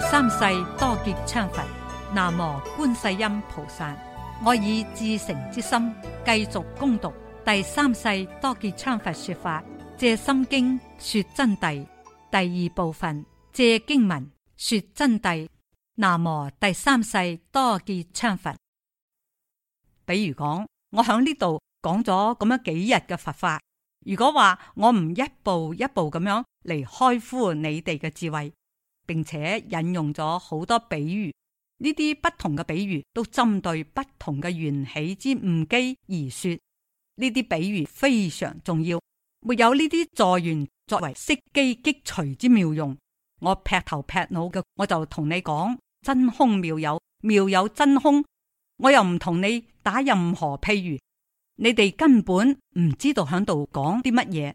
第三世多杰羌佛，南無觀世音菩薩。我以至誠之心繼續攻讀第三世多杰羌佛說法，借心經說真諦第二部分，借經文說真諦。南無第三世多杰羌佛。比如講，我喺呢度講咗咁樣幾日嘅佛法，如果話我唔一步一步咁樣嚟開敷你哋嘅智慧。並且引用咗好多比喻，呢啲不同嘅比喻都針對不同嘅緣起之誤機而說。呢啲比喻非常重要，沒有呢啲助緣作為適機擊除之妙用，我劈頭劈腦嘅我就同你講真空妙有，妙有真空，我又唔同你打任何譬喻，你哋根本唔知道響度講啲乜嘢。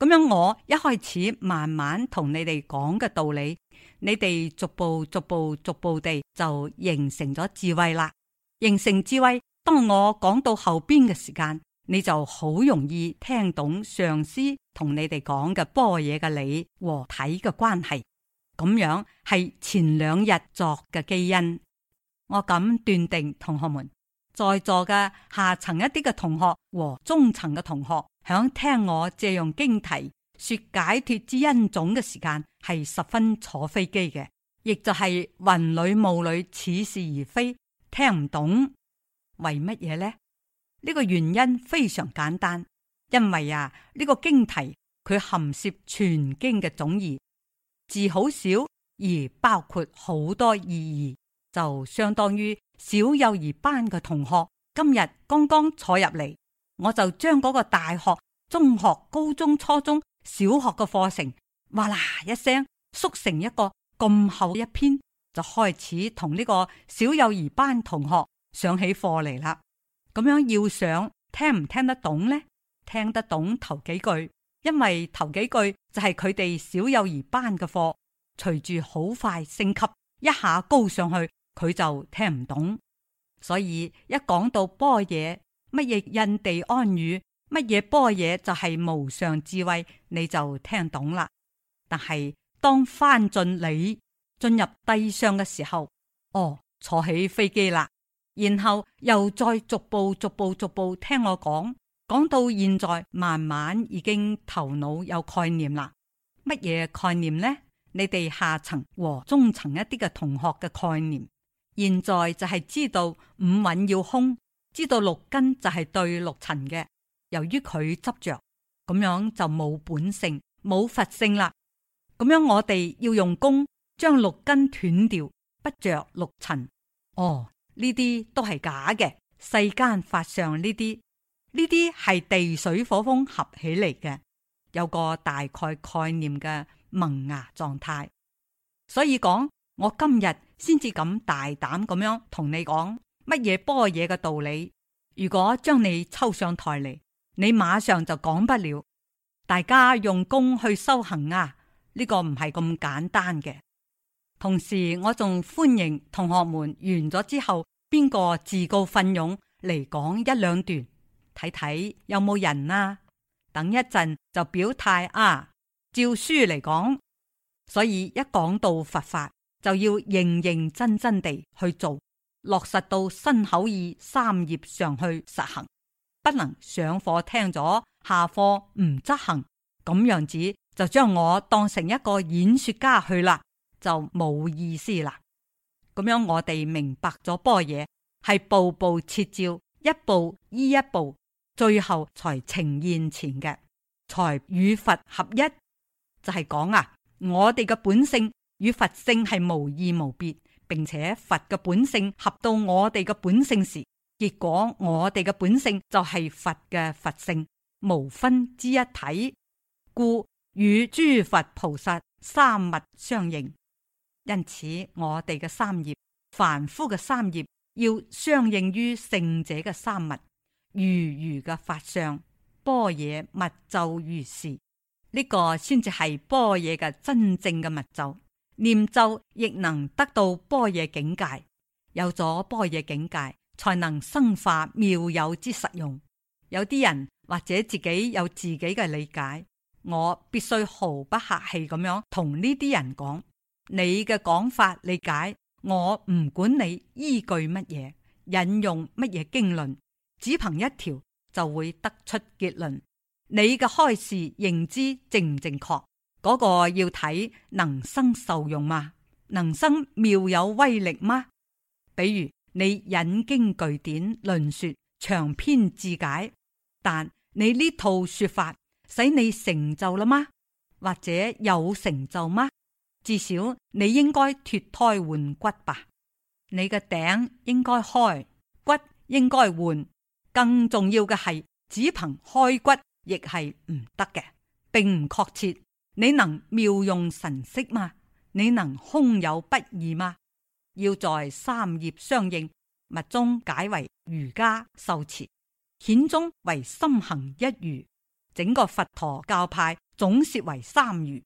咁樣，我一開始慢慢同你哋講嘅道理，你哋逐步、逐步、逐步地就形成咗智慧啦。形成智慧，當我講到後邊嘅時間，你就好容易聽懂上司同你哋講嘅般若嘅理和體嘅關係。咁樣係前兩日作嘅基因，我敢斷定，同學們在座嘅下層一啲嘅同學和中層嘅同學。響聽我借用經題說解脫之因種嘅時間係十分坐飛機嘅，亦就係雲裏霧裏似是而非，聽唔懂。為乜嘢呢？呢個原因非常簡單，因為啊呢個經題佢含涉全經嘅總義，字好少而包括好多意義，就相當於小幼兒班嘅同學今日剛剛坐入嚟。我就將嗰個大學、中學、高中、初中、小學嘅課程，嘩啦一聲縮成一個咁厚一篇，就開始同呢個小幼兒班同學上起課嚟啦。咁樣要上聽唔聽得懂呢？聽得懂頭幾句，因為頭幾句就係佢哋小幼兒班嘅課，隨住好快升級一下高上去，佢就聽唔懂。所以一講到般若。乜嘢印地安語，乜嘢般若就係無上智慧，你就聽懂啦。但係當翻進你進入低上嘅時候，哦，坐起飛機啦，然後又再逐步逐步逐步聽我講，講到現在慢慢已經頭腦有概念啦。乜嘢概念呢？你哋下層和中層一啲嘅同學嘅概念，現在就係知道五蘊要空。知道六根就係對六塵嘅，由於佢執着，咁樣就冇本性，冇佛性啦。咁樣我哋要用功將六根斷掉，不着六塵。哦，呢啲都係假嘅，世間法上呢啲，呢啲係地水火風合起嚟嘅，有個大概概念嘅萌芽狀態。所以講，我今日先至咁大膽咁樣同你講。乜嘢般若嘅道理？如果將你抽上台嚟，你馬上就講不了。大家用功去修行啊！呢個唔係咁簡單嘅。同時，我仲歡迎同學們完咗之後，邊個自告奮勇嚟講一兩段，睇睇有冇人啊。等一陣就表態啊。照書嚟講，所以一講到佛法，就要認認真真地去做。落實到身口意三業上去實行，不能上課聽咗，下課唔執行，咁樣子就將我當成一個演說家去啦，就冇意思啦。咁樣我哋明白咗般若係步步切照，一步依一步，最後才呈現前嘅，才與佛合一。就係、是、講啊，我哋嘅本性與佛性係無異無別。並且佛嘅本性合到我哋嘅本性時，結果我哋嘅本性就係佛嘅佛性，無分之一體，故與諸佛菩薩三物相應。因此我哋嘅三業，凡夫嘅三業要相應於聖者嘅三物，如如嘅法相，般若密咒如是，呢、這個先至係般若嘅真正嘅密咒。念咒亦能得到般若境界，有咗般若境界，才能生化妙有之實用。有啲人或者自己有自己嘅理解，我必須毫不客氣咁樣同呢啲人講：你嘅講法理解，我唔管你依據乜嘢、引用乜嘢經論，只憑一條就會得出結論。你嘅開示認知正唔正確？嗰個要睇能生受用嗎？能生妙有威力嗎？比如你引經據典、論說長篇自解，但你呢套說法使你成就了嗎？或者有成就嗎？至少你應該脫胎換骨吧。你嘅頂應該開，骨應該換。更重要嘅係，只憑開骨亦係唔得嘅，並唔確切。你能妙用神色嗎？你能空有不二嗎？要在三業相應物中解為瑜伽修持，顯宗為心行一如。整個佛陀教派總說為三如，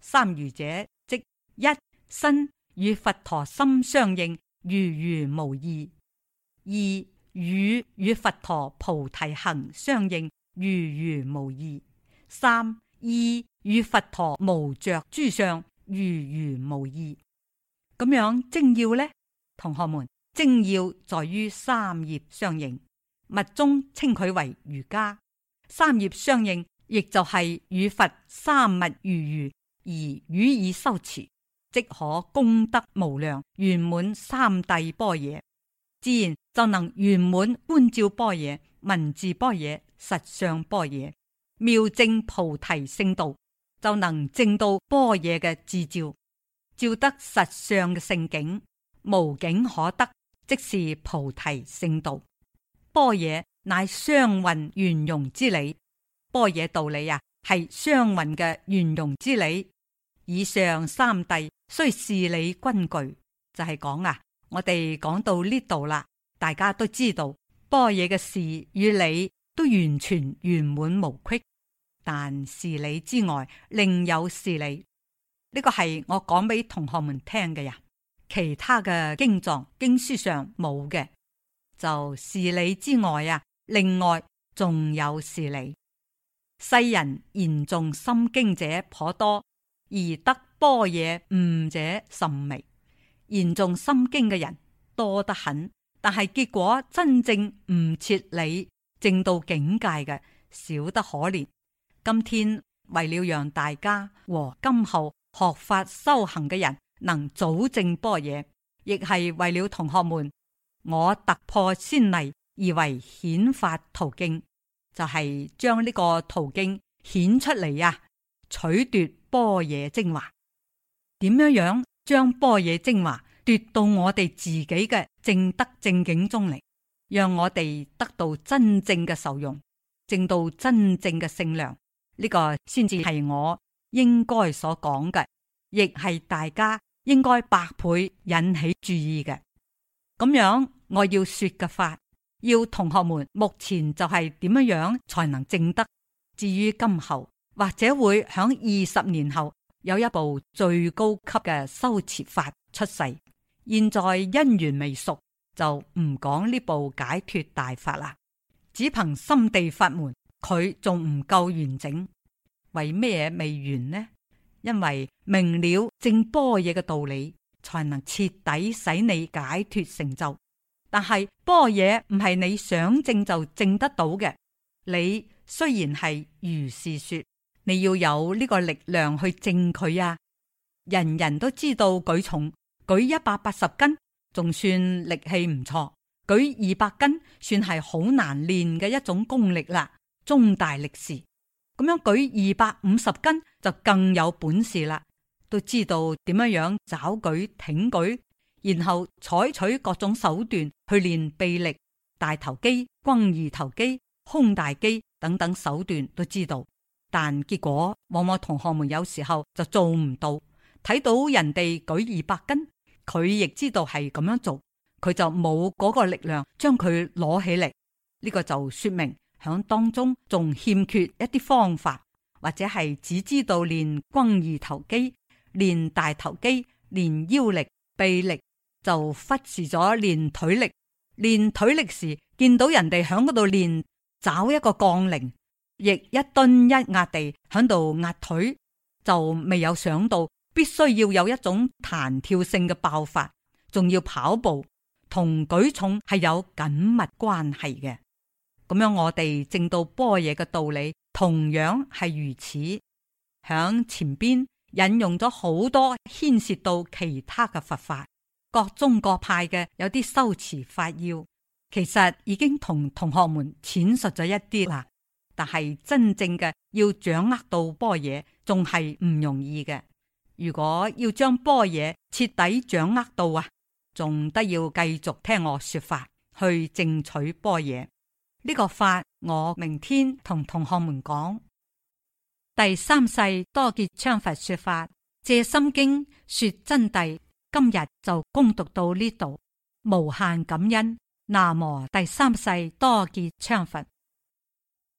三如者即一身與佛陀心相應，如如無二；二語與佛陀菩提行相應，如如無二；三二。與佛陀無着諸相如如無異，咁樣精要呢？同學們，精要在於三業相應，密宗稱佢為瑜伽，三業相應，亦就係與佛三物如如而予以修持，即可功德無量，圓滿三諦般若，自然就能圓滿觀照般若、文字般若、實相般若，妙證菩提聖道。就能證到般若嘅智照，照得實相嘅聖境，無境可得，即是菩提聖道。般若乃雙運圓融之理，般若道理啊，係雙運嘅圓融之理。以上三諦雖是理均具，就係、是、講啊，我哋講到呢度啦，大家都知道般若嘅事與理都完全圓滿無缺。但事理之外，另有事理。呢、這個係我講俾同學們聽嘅呀。其他嘅經藏經書上冇嘅，就事理之外啊。另外仲有事理。世人研重心經者頗多，而得般若悟者甚微。研重心經嘅人多得很，但係結果真正唔切理、正到境界嘅少得可憐。今天為了讓大家和今後學法修行嘅人能早證般若，亦係為了同學們，我突破先例而為顯法途徑，就係、是、將呢個途徑顯出嚟啊！取奪般若精華，點樣樣將般若精華奪到我哋自己嘅正德正境中嚟，讓我哋得到真正嘅受用，正到真正嘅聖量。呢個先至係我應該所講嘅，亦係大家應該百倍引起注意嘅。咁樣我要說嘅法，要同學們目前就係點樣樣才能證得。至於今後或者會響二十年後有一部最高級嘅修持法出世，現在因緣未熟，就唔講呢部解脫大法啦。只憑心地法門。佢仲唔夠完整？為咩未完呢？因為明了證般若嘅道理，才能徹底使你解脫成就。但係般若唔係你想證就證得到嘅。你雖然係如是說，你要有呢個力量去證佢啊。人人都知道舉重，舉一百八十斤仲算力氣唔錯，舉二百斤算係好難練嘅一種功力啦。中大力士咁樣舉二百五十斤就更有本事啦，都知道點樣樣抓舉挺舉，然後採取各種手段去練臂力、大頭肌、肱二頭肌、胸大肌等等手段都知道，但結果往往同學們有時候就做唔到，睇到人哋舉二百斤，佢亦知道係咁樣做，佢就冇嗰個力量將佢攞起嚟，呢、這個就說明。響當中仲欠缺一啲方法，或者係只知道練肱二頭肌、練大頭肌、練腰力、臂力，就忽視咗練腿力。練腿力時見到人哋響嗰度練，找一個槓鈴，亦一蹲一壓地響度壓腿，就未有想到必須要有一種彈跳性嘅爆發，仲要跑步同舉重係有緊密關係嘅。咁樣我哋正到般若嘅道理同樣係如此。響前邊引用咗好多牽涉到其他嘅佛法，各宗各派嘅有啲修持法要，其實已經同同學們闡述咗一啲啦。但係真正嘅要掌握到般若，仲係唔容易嘅。如果要將般若徹底掌握到啊，仲得要繼續聽我說法去正取般若。呢個法我明天同同學們講。第三世多杰羌佛說法，借心經說真諦。今日就恭讀到呢度，無限感恩。南無第三世多杰羌佛。